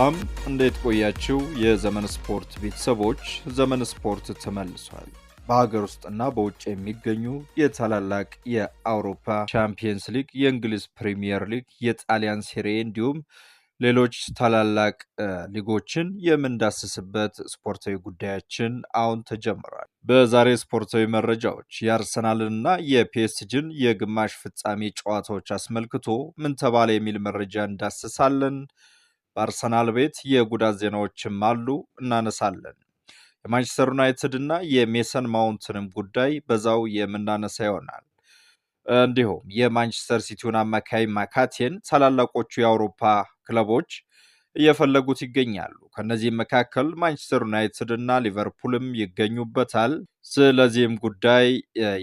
ሰላም እንዴት ቆያችው? የዘመን ስፖርት ቤተሰቦች፣ ዘመን ስፖርት ተመልሷል። በሀገር ውስጥና በውጭ የሚገኙ የታላላቅ የአውሮፓ ቻምፒየንስ ሊግ፣ የእንግሊዝ ፕሪሚየር ሊግ፣ የጣሊያን ሴሬ እንዲሁም ሌሎች ታላላቅ ሊጎችን የምንዳስስበት ስፖርታዊ ጉዳያችን አሁን ተጀምሯል። በዛሬ ስፖርታዊ መረጃዎች የአርሰናልንና የፒኤስጂን የግማሽ ፍጻሜ ጨዋታዎች አስመልክቶ ምን ተባለ የሚል መረጃ እንዳስሳለን። በአርሰናል ቤት የጉዳት ዜናዎችም አሉ፣ እናነሳለን። የማንቸስተር ዩናይትድ እና የሜሰን ማውንትንም ጉዳይ በዛው የምናነሳ ይሆናል። እንዲሁም የማንቸስተር ሲቲውን አማካይ ማካቴን ታላላቆቹ የአውሮፓ ክለቦች እየፈለጉት ይገኛሉ። ከእነዚህም መካከል ማንቸስተር ዩናይትድ እና ሊቨርፑልም ይገኙበታል። ስለዚህም ጉዳይ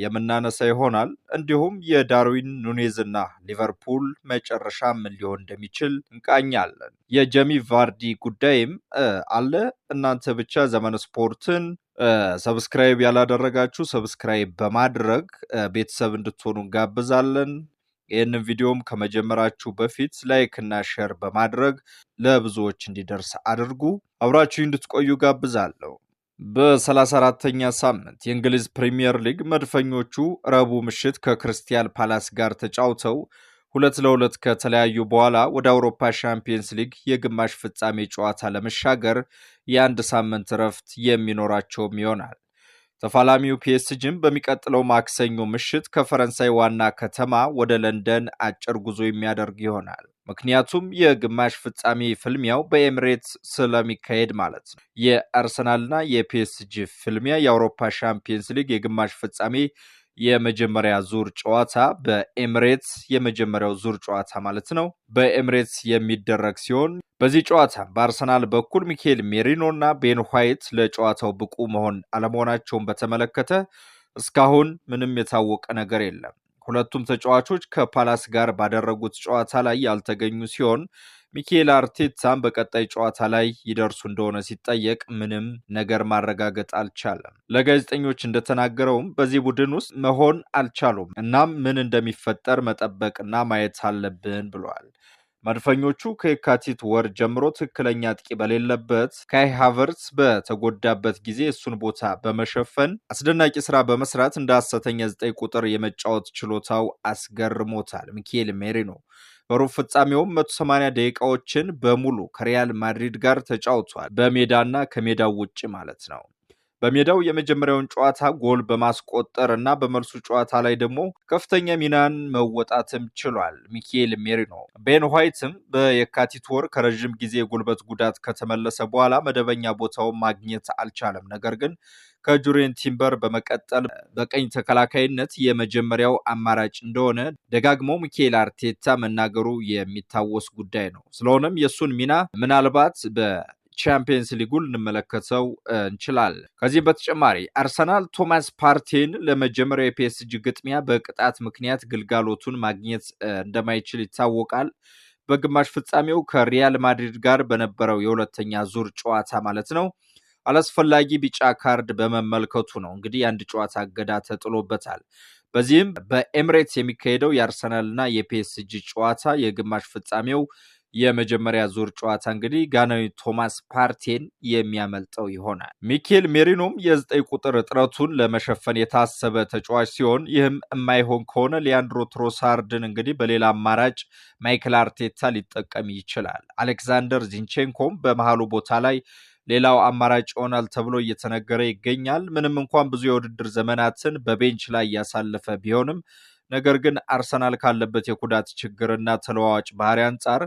የምናነሳ ይሆናል። እንዲሁም የዳርዊን ኑኔዝ እና ሊቨርፑል መጨረሻ ምን ሊሆን እንደሚችል እንቃኛለን። የጀሚ ቫርዲ ጉዳይም አለ። እናንተ ብቻ ዘመን ስፖርትን ሰብስክራይብ ያላደረጋችሁ ሰብስክራይብ በማድረግ ቤተሰብ እንድትሆኑ እንጋብዛለን። ይህንን ቪዲዮም ከመጀመራችሁ በፊት ላይክ እና ሼር በማድረግ ለብዙዎች እንዲደርስ አድርጉ። አብራችሁ እንድትቆዩ ጋብዛለሁ። በ34ተኛ ሳምንት የእንግሊዝ ፕሪምየር ሊግ መድፈኞቹ ረቡዕ ምሽት ከክሪስታል ፓላስ ጋር ተጫውተው ሁለት ለሁለት ከተለያዩ በኋላ ወደ አውሮፓ ሻምፒየንስ ሊግ የግማሽ ፍጻሜ ጨዋታ ለመሻገር የአንድ ሳምንት እረፍት የሚኖራቸውም ይሆናል። ተፋላሚው ፒኤስጂም በሚቀጥለው ማክሰኞ ምሽት ከፈረንሳይ ዋና ከተማ ወደ ለንደን አጭር ጉዞ የሚያደርግ ይሆናል። ምክንያቱም የግማሽ ፍጻሜ ፍልሚያው በኤምሬት ስለሚካሄድ ማለት ነው። የአርሰናልና የፒኤስጂ ፍልሚያ የአውሮፓ ሻምፒየንስ ሊግ የግማሽ ፍጻሜ የመጀመሪያ ዙር ጨዋታ በኤምሬትስ የመጀመሪያው ዙር ጨዋታ ማለት ነው በኤምሬትስ የሚደረግ ሲሆን በዚህ ጨዋታ በአርሰናል በኩል ሚካኤል ሜሪኖ እና ቤን ኋይት ለጨዋታው ብቁ መሆን አለመሆናቸውን በተመለከተ እስካሁን ምንም የታወቀ ነገር የለም። ሁለቱም ተጫዋቾች ከፓላስ ጋር ባደረጉት ጨዋታ ላይ ያልተገኙ ሲሆን ሚኬል አርቴታም በቀጣይ ጨዋታ ላይ ይደርሱ እንደሆነ ሲጠየቅ ምንም ነገር ማረጋገጥ አልቻለም። ለጋዜጠኞች እንደተናገረውም በዚህ ቡድን ውስጥ መሆን አልቻሉም፣ እናም ምን እንደሚፈጠር መጠበቅና ማየት አለብን ብለዋል። መድፈኞቹ ከየካቲት ወር ጀምሮ ትክክለኛ አጥቂ በሌለበት ካይ ሃቨርትስ በተጎዳበት ጊዜ እሱን ቦታ በመሸፈን አስደናቂ ስራ በመስራት እንደ ሐሰተኛ ዘጠኝ ቁጥር የመጫወት ችሎታው አስገርሞታል። ሚኬል ሜሪኖ በሩብ ፍጻሜውም 180 ደቂቃዎችን በሙሉ ከሪያል ማድሪድ ጋር ተጫውቷል። በሜዳና ከሜዳው ውጭ ማለት ነው። በሜዳው የመጀመሪያውን ጨዋታ ጎል በማስቆጠር እና በመልሱ ጨዋታ ላይ ደግሞ ከፍተኛ ሚናን መወጣትም ችሏል። ሚኬል ሜሪኖ ቤን ዋይትም በየካቲት ወር ከረዥም ጊዜ የጉልበት ጉዳት ከተመለሰ በኋላ መደበኛ ቦታውን ማግኘት አልቻለም። ነገር ግን ከጁሬን ቲምበር በመቀጠል በቀኝ ተከላካይነት የመጀመሪያው አማራጭ እንደሆነ ደጋግሞ ሚኬል አርቴታ መናገሩ የሚታወስ ጉዳይ ነው። ስለሆነም የእሱን ሚና ምናልባት በ ቻምፒየንስ ሊጉን ልንመለከተው እንችላለን። ከዚህም በተጨማሪ አርሰናል ቶማስ ፓርቴን ለመጀመሪያ የፒኤስጂ ግጥሚያ በቅጣት ምክንያት ግልጋሎቱን ማግኘት እንደማይችል ይታወቃል። በግማሽ ፍጻሜው ከሪያል ማድሪድ ጋር በነበረው የሁለተኛ ዙር ጨዋታ ማለት ነው አላስፈላጊ ቢጫ ካርድ በመመልከቱ ነው እንግዲህ የአንድ ጨዋታ እገዳ ተጥሎበታል። በዚህም በኤምሬትስ የሚካሄደው የአርሰናልና የፒኤስጂ ጨዋታ የግማሽ ፍጻሜው የመጀመሪያ ዙር ጨዋታ እንግዲህ ጋናዊ ቶማስ ፓርቴን የሚያመልጠው ይሆናል። ሚኬል ሜሪኖም የዘጠኝ ቁጥር እጥረቱን ለመሸፈን የታሰበ ተጫዋች ሲሆን ይህም የማይሆን ከሆነ ሊያንድሮ ትሮሳርድን እንግዲህ በሌላ አማራጭ ማይክል አርቴታ ሊጠቀም ይችላል። አሌክዛንደር ዚንቼንኮም በመሃሉ ቦታ ላይ ሌላው አማራጭ ይሆናል ተብሎ እየተነገረ ይገኛል። ምንም እንኳን ብዙ የውድድር ዘመናትን በቤንች ላይ እያሳለፈ ቢሆንም ነገር ግን አርሰናል ካለበት የኩዳት ችግርና ተለዋዋጭ ባህሪ አንጻር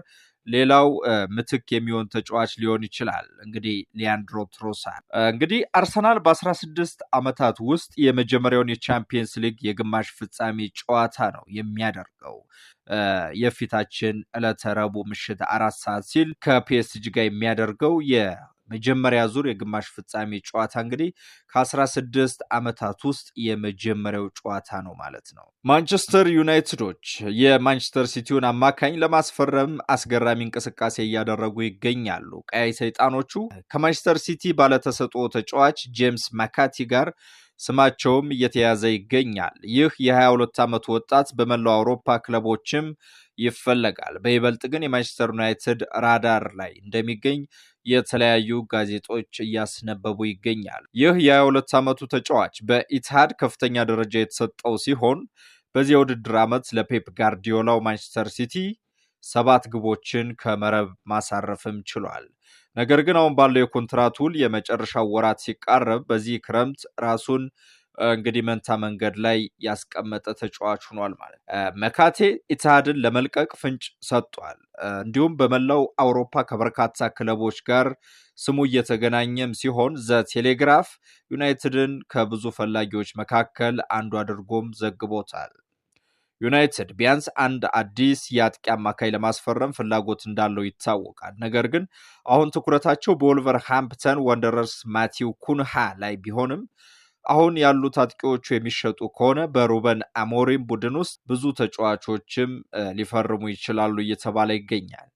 ሌላው ምትክ የሚሆን ተጫዋች ሊሆን ይችላል። እንግዲህ ሊያንድሮ ትሮሳርድ እንግዲህ አርሰናል በ16 ዓመታት ውስጥ የመጀመሪያውን የቻምፒየንስ ሊግ የግማሽ ፍጻሜ ጨዋታ ነው የሚያደርገው የፊታችን ዕለተ ረቡዕ ምሽት አራት ሰዓት ሲል ከፒኤስጂ ጋር የሚያደርገው መጀመሪያ ዙር የግማሽ ፍጻሜ ጨዋታ እንግዲህ ከ16 ዓመታት ውስጥ የመጀመሪያው ጨዋታ ነው ማለት ነው። ማንቸስተር ዩናይትዶች የማንቸስተር ሲቲውን አማካኝ ለማስፈረም አስገራሚ እንቅስቃሴ እያደረጉ ይገኛሉ። ቀያይ ሰይጣኖቹ ከማንቸስተር ሲቲ ባለተሰጥኦ ተጫዋች ጄምስ ማካቲ ጋር ስማቸውም እየተያዘ ይገኛል። ይህ የ22 ዓመቱ ወጣት በመላው አውሮፓ ክለቦችም ይፈለጋል። በይበልጥ ግን የማንቸስተር ዩናይትድ ራዳር ላይ እንደሚገኝ የተለያዩ ጋዜጦች እያስነበቡ ይገኛል። ይህ የ22 ዓመቱ ተጫዋች በኢትሃድ ከፍተኛ ደረጃ የተሰጠው ሲሆን በዚህ የውድድር ዓመት ለፔፕ ጋርዲዮላው ማንቸስተር ሲቲ ሰባት ግቦችን ከመረብ ማሳረፍም ችሏል። ነገር ግን አሁን ባለው የኮንትራት ውል የመጨረሻው ወራት ሲቃረብ በዚህ ክረምት ራሱን እንግዲህ መንታ መንገድ ላይ ያስቀመጠ ተጫዋች ሆኗል ማለት መካቴ ኢትሃድን ለመልቀቅ ፍንጭ ሰጥቷል። እንዲሁም በመላው አውሮፓ ከበርካታ ክለቦች ጋር ስሙ እየተገናኘም ሲሆን ዘ ቴሌግራፍ ዩናይትድን ከብዙ ፈላጊዎች መካከል አንዱ አድርጎም ዘግቦታል። ዩናይትድ ቢያንስ አንድ አዲስ የአጥቂ አማካይ ለማስፈረም ፍላጎት እንዳለው ይታወቃል። ነገር ግን አሁን ትኩረታቸው ሃምፕተን ወንደረርስ ማቲው ኩንሃ ላይ ቢሆንም አሁን ያሉት አጥቂዎቹ የሚሸጡ ከሆነ በሩበን አሞሪም ቡድን ውስጥ ብዙ ተጫዋቾችም ሊፈርሙ ይችላሉ እየተባለ ይገኛል።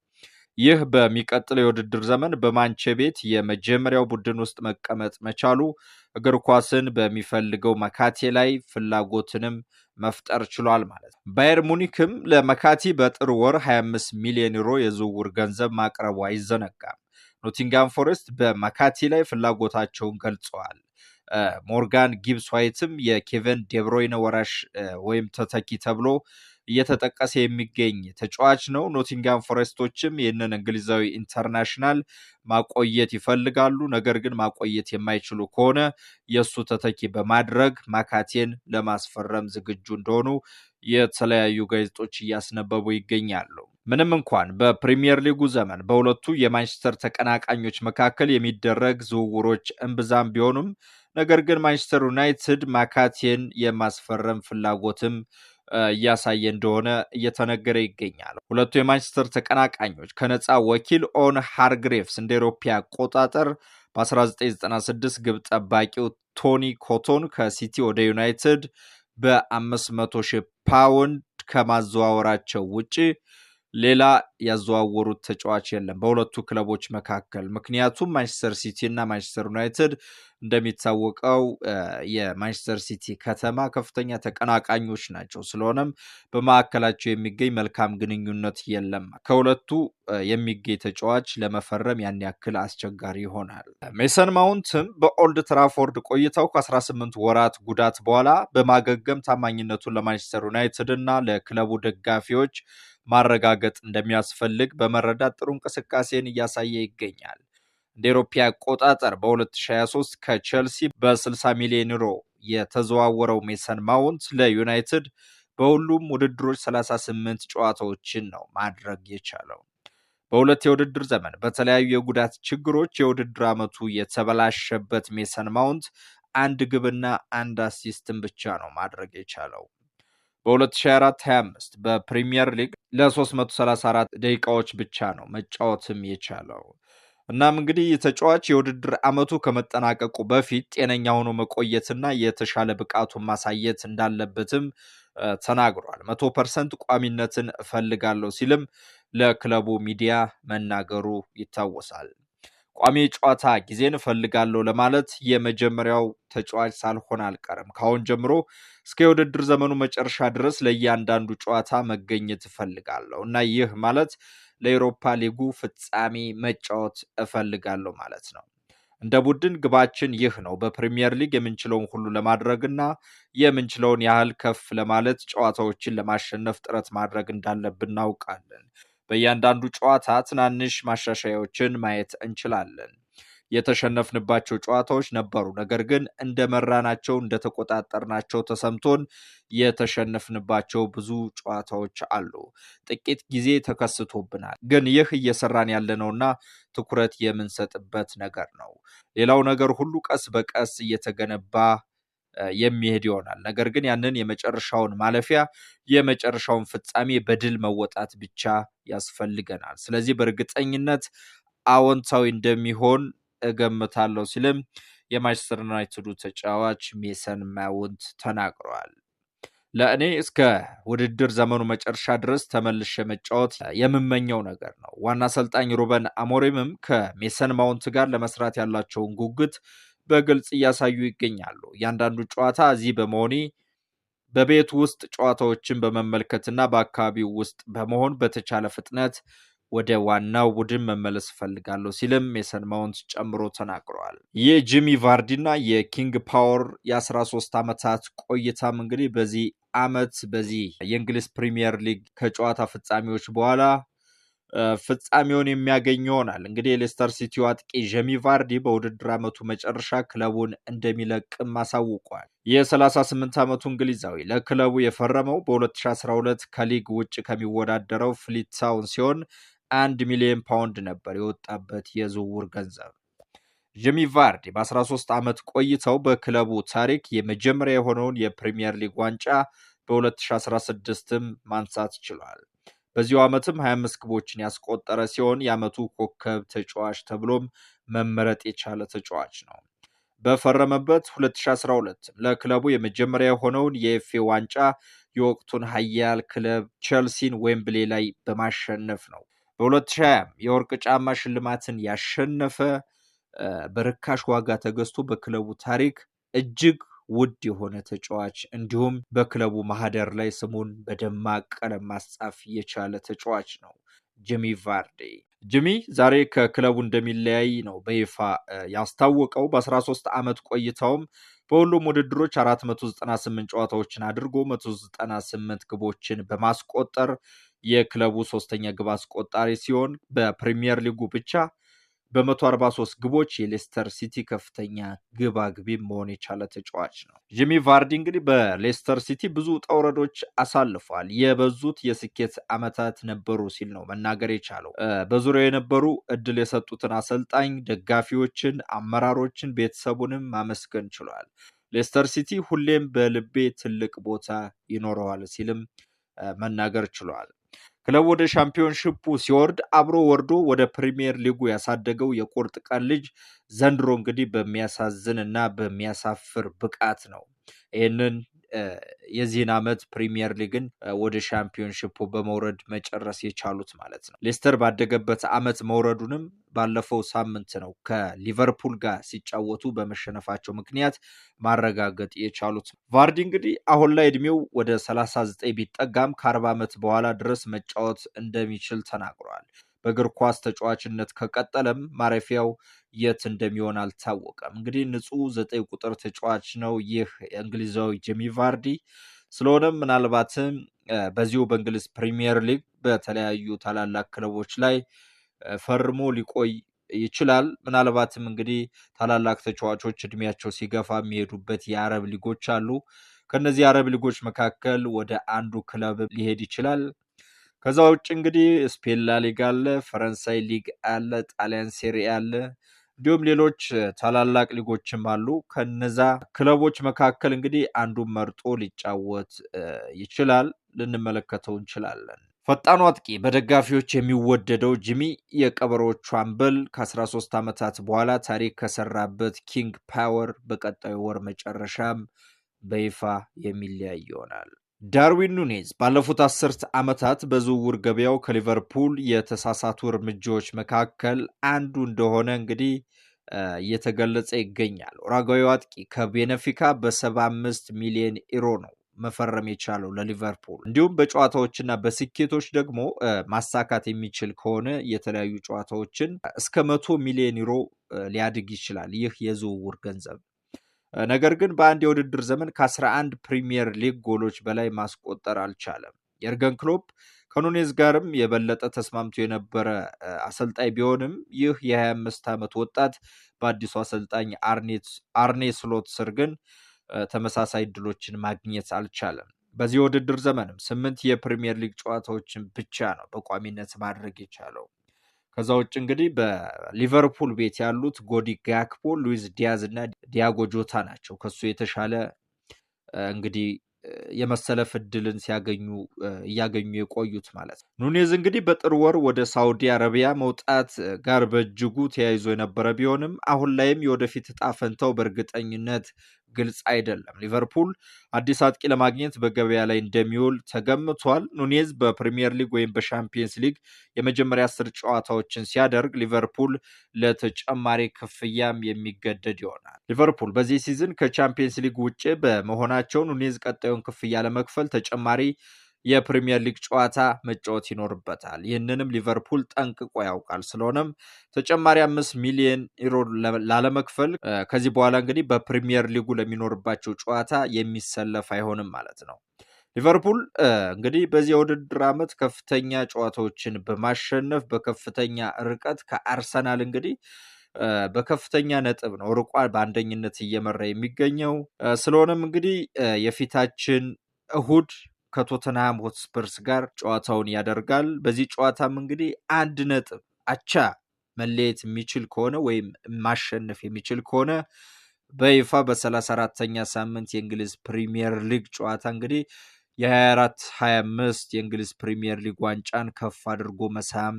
ይህ በሚቀጥለው የውድድር ዘመን በማንቼ ቤት የመጀመሪያው ቡድን ውስጥ መቀመጥ መቻሉ እግር ኳስን በሚፈልገው መካቴ ላይ ፍላጎትንም መፍጠር ችሏል ማለት ነው። ባየር ሙኒክም ለመካቲ በጥር ወር 25 ሚሊዮን ዩሮ የዝውውር ገንዘብ ማቅረቡ አይዘነጋም። ኖቲንጋም ፎሬስት በመካቲ ላይ ፍላጎታቸውን ገልጸዋል። ሞርጋን ጊብስ ዋይትም የኬቨን ዴብሮይነ ወራሽ ወይም ተተኪ ተብሎ እየተጠቀሰ የሚገኝ ተጫዋች ነው። ኖቲንጋም ፎረስቶችም ይህንን እንግሊዛዊ ኢንተርናሽናል ማቆየት ይፈልጋሉ። ነገር ግን ማቆየት የማይችሉ ከሆነ የእሱ ተተኪ በማድረግ ማካቴን ለማስፈረም ዝግጁ እንደሆኑ የተለያዩ ጋዜጦች እያስነበቡ ይገኛሉ። ምንም እንኳን በፕሪምየር ሊጉ ዘመን በሁለቱ የማንቸስተር ተቀናቃኞች መካከል የሚደረግ ዝውውሮች እምብዛም ቢሆኑም ነገር ግን ማንቸስተር ዩናይትድ ማካቴን የማስፈረም ፍላጎትም እያሳየ እንደሆነ እየተነገረ ይገኛል። ሁለቱ የማንቸስተር ተቀናቃኞች ከነፃ ወኪል ኦን ሃርግሬቭስ እንደ ኤሮፓ አቆጣጠር በ1996 ግብ ጠባቂው ቶኒ ኮቶን ከሲቲ ወደ ዩናይትድ በ500 ሺህ ፓውንድ ከማዘዋወራቸው ውጪ ሌላ ያዘዋወሩት ተጫዋች የለም በሁለቱ ክለቦች መካከል። ምክንያቱም ማንቸስተር ሲቲ እና ማንቸስተር ዩናይትድ እንደሚታወቀው የማንቸስተር ሲቲ ከተማ ከፍተኛ ተቀናቃኞች ናቸው። ስለሆነም በማዕከላቸው የሚገኝ መልካም ግንኙነት የለም። ከሁለቱ የሚገኝ ተጫዋች ለመፈረም ያን ያክል አስቸጋሪ ይሆናል። ሜሰን ማውንትም በኦልድ ትራፎርድ ቆይታው ከ18 ወራት ጉዳት በኋላ በማገገም ታማኝነቱን ለማንቸስተር ዩናይትድ እና ለክለቡ ደጋፊዎች ማረጋገጥ እንደሚያስፈልግ በመረዳት ጥሩ እንቅስቃሴን እያሳየ ይገኛል። እንደ አውሮፓ አቆጣጠር በ2023 ከቼልሲ በ60 ሚሊዮን ዩሮ የተዘዋወረው ሜሰን ማውንት ለዩናይትድ በሁሉም ውድድሮች 38 ጨዋታዎችን ነው ማድረግ የቻለው። በሁለት የውድድር ዘመን በተለያዩ የጉዳት ችግሮች የውድድር ዓመቱ የተበላሸበት ሜሰን ማውንት አንድ ግብና አንድ አሲስትን ብቻ ነው ማድረግ የቻለው። በ2024/25 በፕሪምየር ሊግ ለ334 ደቂቃዎች ብቻ ነው መጫወትም የቻለው። እናም እንግዲህ የተጫዋች የውድድር ዓመቱ ከመጠናቀቁ በፊት ጤነኛ ሆኖ መቆየትና የተሻለ ብቃቱን ማሳየት እንዳለበትም ተናግሯል። መቶ ፐርሰንት ቋሚነትን እፈልጋለሁ ሲልም ለክለቡ ሚዲያ መናገሩ ይታወሳል። ቋሚ ጨዋታ ጊዜን እፈልጋለሁ ለማለት የመጀመሪያው ተጫዋች ሳልሆን አልቀርም። ከአሁን ጀምሮ እስከ የውድድር ዘመኑ መጨረሻ ድረስ ለእያንዳንዱ ጨዋታ መገኘት እፈልጋለሁ እና ይህ ማለት ለኤሮፓ ሊጉ ፍጻሜ መጫወት እፈልጋለሁ ማለት ነው። እንደ ቡድን ግባችን ይህ ነው። በፕሪሚየር ሊግ የምንችለውን ሁሉ ለማድረግና የምንችለውን ያህል ከፍ ለማለት ጨዋታዎችን ለማሸነፍ ጥረት ማድረግ እንዳለብን እናውቃለን። በእያንዳንዱ ጨዋታ ትናንሽ ማሻሻያዎችን ማየት እንችላለን። የተሸነፍንባቸው ጨዋታዎች ነበሩ፣ ነገር ግን እንደመራናቸው እንደተቆጣጠርናቸው ተሰምቶን የተሸነፍንባቸው ብዙ ጨዋታዎች አሉ። ጥቂት ጊዜ ተከስቶብናል፣ ግን ይህ እየሰራን ያለነውና ትኩረት የምንሰጥበት ነገር ነው። ሌላው ነገር ሁሉ ቀስ በቀስ እየተገነባ የሚሄድ ይሆናል። ነገር ግን ያንን የመጨረሻውን ማለፊያ የመጨረሻውን ፍጻሜ በድል መወጣት ብቻ ያስፈልገናል። ስለዚህ በእርግጠኝነት አዎንታዊ እንደሚሆን እገምታለሁ ሲልም የማንቸስተር ዩናይትዱ ተጫዋች ሜሰን ማውንት ተናግረዋል። ለእኔ እስከ ውድድር ዘመኑ መጨረሻ ድረስ ተመልሼ መጫወት የምመኘው ነገር ነው። ዋና አሰልጣኝ ሩበን አሞሪምም ከሜሰን ማውንት ጋር ለመስራት ያላቸውን ጉጉት በግልጽ እያሳዩ ይገኛሉ። እያንዳንዱ ጨዋታ እዚህ በመሆኔ በቤት ውስጥ ጨዋታዎችን በመመልከትና በአካባቢው ውስጥ በመሆን በተቻለ ፍጥነት ወደ ዋናው ቡድን መመለስ እፈልጋለሁ ሲልም ሜሰን ማውንት ጨምሮ ተናግረዋል። ይህ ጂሚ ቫርዲና የኪንግ ፓወር የ13 ዓመታት ቆይታም እንግዲህ በዚህ ዓመት በዚህ የእንግሊዝ ፕሪሚየር ሊግ ከጨዋታ ፍጻሜዎች በኋላ ፍጻሜውን የሚያገኝ ይሆናል። እንግዲህ የሌስተር ሲቲው አጥቂ ጀሚ ቫርዲ በውድድር ዓመቱ መጨረሻ ክለቡን እንደሚለቅም አሳውቋል። የ38 ዓመቱ እንግሊዛዊ ለክለቡ የፈረመው በ2012 ከሊግ ውጭ ከሚወዳደረው ፍሊት ታውን ሲሆን አንድ ሚሊዮን ፓውንድ ነበር የወጣበት የዝውውር ገንዘብ። ጀሚ ቫርዲ በ13 ዓመት ቆይተው በክለቡ ታሪክ የመጀመሪያ የሆነውን የፕሪምየር ሊግ ዋንጫ በ2016ም ማንሳት ችሏል። በዚሁ ዓመትም 25 ግቦችን ያስቆጠረ ሲሆን የዓመቱ ኮከብ ተጫዋች ተብሎም መመረጥ የቻለ ተጫዋች ነው። በፈረመበት 2012 ለክለቡ የመጀመሪያ የሆነውን የኤፌ ዋንጫ የወቅቱን ኃያል ክለብ ቼልሲን ዌምብሌ ላይ በማሸነፍ ነው። በ2020 የወርቅ ጫማ ሽልማትን ያሸነፈ በርካሽ ዋጋ ተገዝቶ በክለቡ ታሪክ እጅግ ውድ የሆነ ተጫዋች እንዲሁም በክለቡ ማህደር ላይ ስሙን በደማቅ ቀለም ማስጻፍ የቻለ ተጫዋች ነው ጂሚ ቫርዲ። ጂሚ ዛሬ ከክለቡ እንደሚለያይ ነው በይፋ ያስታወቀው። በ13 ዓመት ቆይታውም በሁሉም ውድድሮች 498 ጨዋታዎችን አድርጎ 198 ግቦችን በማስቆጠር የክለቡ ሶስተኛ ግብ አስቆጣሪ ሲሆን በፕሪሚየር ሊጉ ብቻ በ143 ግቦች የሌስተር ሲቲ ከፍተኛ ግብ አግቢ መሆን የቻለ ተጫዋች ነው። ጂሚ ቫርዲ እንግዲህ በሌስተር ሲቲ ብዙ ውጣ ውረዶች አሳልፏል። የበዙት የስኬት ዓመታት ነበሩ ሲል ነው መናገር የቻለው። በዙሪያው የነበሩ እድል የሰጡትን አሰልጣኝ፣ ደጋፊዎችን፣ አመራሮችን፣ ቤተሰቡንም ማመስገን ችሏል። ሌስተር ሲቲ ሁሌም በልቤ ትልቅ ቦታ ይኖረዋል ሲልም መናገር ችሏል። ክለቡ ወደ ሻምፒዮንሽፑ ሲወርድ አብሮ ወርዶ ወደ ፕሪሚየር ሊጉ ያሳደገው የቁርጥ ቀን ልጅ ዘንድሮ እንግዲህ በሚያሳዝን እና በሚያሳፍር ብቃት ነው ይህንን የዚህን ዓመት ፕሪሚየር ሊግን ወደ ሻምፒዮንሽፑ በመውረድ መጨረስ የቻሉት ማለት ነው። ሌስተር ባደገበት ዓመት መውረዱንም ባለፈው ሳምንት ነው ከሊቨርፑል ጋር ሲጫወቱ በመሸነፋቸው ምክንያት ማረጋገጥ የቻሉት። ቫርዲ እንግዲህ አሁን ላይ እድሜው ወደ 39 ቢጠጋም ከ40 ዓመት በኋላ ድረስ መጫወት እንደሚችል ተናግሯል። በእግር ኳስ ተጫዋችነት ከቀጠለም ማረፊያው የት እንደሚሆን አልታወቀም። እንግዲህ ንጹህ ዘጠኝ ቁጥር ተጫዋች ነው ይህ እንግሊዛዊ ጄሚ ቫርዲ። ስለሆነም ምናልባትም በዚሁ በእንግሊዝ ፕሪሚየር ሊግ በተለያዩ ታላላቅ ክለቦች ላይ ፈርሞ ሊቆይ ይችላል። ምናልባትም እንግዲህ ታላላቅ ተጫዋቾች እድሜያቸው ሲገፋ የሚሄዱበት የአረብ ሊጎች አሉ። ከእነዚህ የአረብ ሊጎች መካከል ወደ አንዱ ክለብ ሊሄድ ይችላል። ከዛ ውጭ እንግዲህ ስፔን ላሊጋ አለ፣ ፈረንሳይ ሊግ አለ፣ ጣሊያን ሴሪ አለ፣ እንዲሁም ሌሎች ታላላቅ ሊጎችም አሉ። ከነዛ ክለቦች መካከል እንግዲህ አንዱን መርጦ ሊጫወት ይችላል፣ ልንመለከተው እንችላለን። ፈጣኑ አጥቂ በደጋፊዎች የሚወደደው ጂሚ የቀበሮቹ አምበል ከ13 ዓመታት በኋላ ታሪክ ከሰራበት ኪንግ ፓወር በቀጣዩ ወር መጨረሻም በይፋ የሚለያይ ይሆናል። ዳርዊን ኑኔዝ ባለፉት አስርት ዓመታት በዝውውር ገበያው ከሊቨርፑል የተሳሳቱ እርምጃዎች መካከል አንዱ እንደሆነ እንግዲህ እየተገለጸ ይገኛል። ኡራጓዊ አጥቂ ከቤነፊካ በ75 ሚሊዮን ኢሮ ነው መፈረም የቻለው ለሊቨርፑል። እንዲሁም በጨዋታዎችና በስኬቶች ደግሞ ማሳካት የሚችል ከሆነ የተለያዩ ጨዋታዎችን እስከ መቶ ሚሊዮን ኢሮ ሊያድግ ይችላል ይህ የዝውውር ገንዘብ ነገር ግን በአንድ የውድድር ዘመን ከ11 ፕሪሚየር ሊግ ጎሎች በላይ ማስቆጠር አልቻለም። የርገን ክሎፕ ከኑኔዝ ጋርም የበለጠ ተስማምቶ የነበረ አሰልጣኝ ቢሆንም ይህ የ25 ዓመት ወጣት በአዲሱ አሰልጣኝ አርኔ ስሎት ስር ግን ተመሳሳይ እድሎችን ማግኘት አልቻለም። በዚህ የውድድር ዘመንም ስምንት የፕሪሚየር ሊግ ጨዋታዎችን ብቻ ነው በቋሚነት ማድረግ የቻለው። ከዛ ውጭ እንግዲህ በሊቨርፑል ቤት ያሉት ጎዲ ጋክፖ፣ ሉዊዝ ዲያዝ እና ዲያጎ ጆታ ናቸው። ከሱ የተሻለ እንግዲህ የመሰለፍ እድልን ሲያገኙ እያገኙ የቆዩት ማለት ነው። ኑኔዝ እንግዲህ በጥር ወር ወደ ሳውዲ አረቢያ መውጣት ጋር በእጅጉ ተያይዞ የነበረ ቢሆንም አሁን ላይም የወደፊት እጣ ፈንታው በእርግጠኝነት ግልጽ አይደለም። ሊቨርፑል አዲስ አጥቂ ለማግኘት በገበያ ላይ እንደሚውል ተገምቷል። ኑኔዝ በፕሪምየር ሊግ ወይም በሻምፒየንስ ሊግ የመጀመሪያ አስር ጨዋታዎችን ሲያደርግ ሊቨርፑል ለተጨማሪ ክፍያም የሚገደድ ይሆናል። ሊቨርፑል በዚህ ሲዝን ከቻምፒየንስ ሊግ ውጭ በመሆናቸው ኑኔዝ ቀጣዩን ክፍያ ለመክፈል ተጨማሪ የፕሪምየር ሊግ ጨዋታ መጫወት ይኖርበታል። ይህንንም ሊቨርፑል ጠንቅቆ ያውቃል። ስለሆነም ተጨማሪ አምስት ሚሊዮን ዩሮ ላለመክፈል ከዚህ በኋላ እንግዲህ በፕሪምየር ሊጉ ለሚኖርባቸው ጨዋታ የሚሰለፍ አይሆንም ማለት ነው። ሊቨርፑል እንግዲህ በዚህ የውድድር ዓመት ከፍተኛ ጨዋታዎችን በማሸነፍ በከፍተኛ ርቀት ከአርሰናል እንግዲህ በከፍተኛ ነጥብ ነው ርቋ በአንደኝነት እየመራ የሚገኘው። ስለሆነም እንግዲህ የፊታችን እሁድ ከቶተንሃም ሆትስፐርስ ጋር ጨዋታውን ያደርጋል። በዚህ ጨዋታም እንግዲህ አንድ ነጥብ አቻ መለየት የሚችል ከሆነ ወይም ማሸነፍ የሚችል ከሆነ በይፋ በሰላሳ አራተኛ ሳምንት የእንግሊዝ ፕሪሚየር ሊግ ጨዋታ እንግዲህ የ24 25 የእንግሊዝ ፕሪሚየር ሊግ ዋንጫን ከፍ አድርጎ መሳም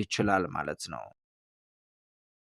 ይችላል ማለት ነው።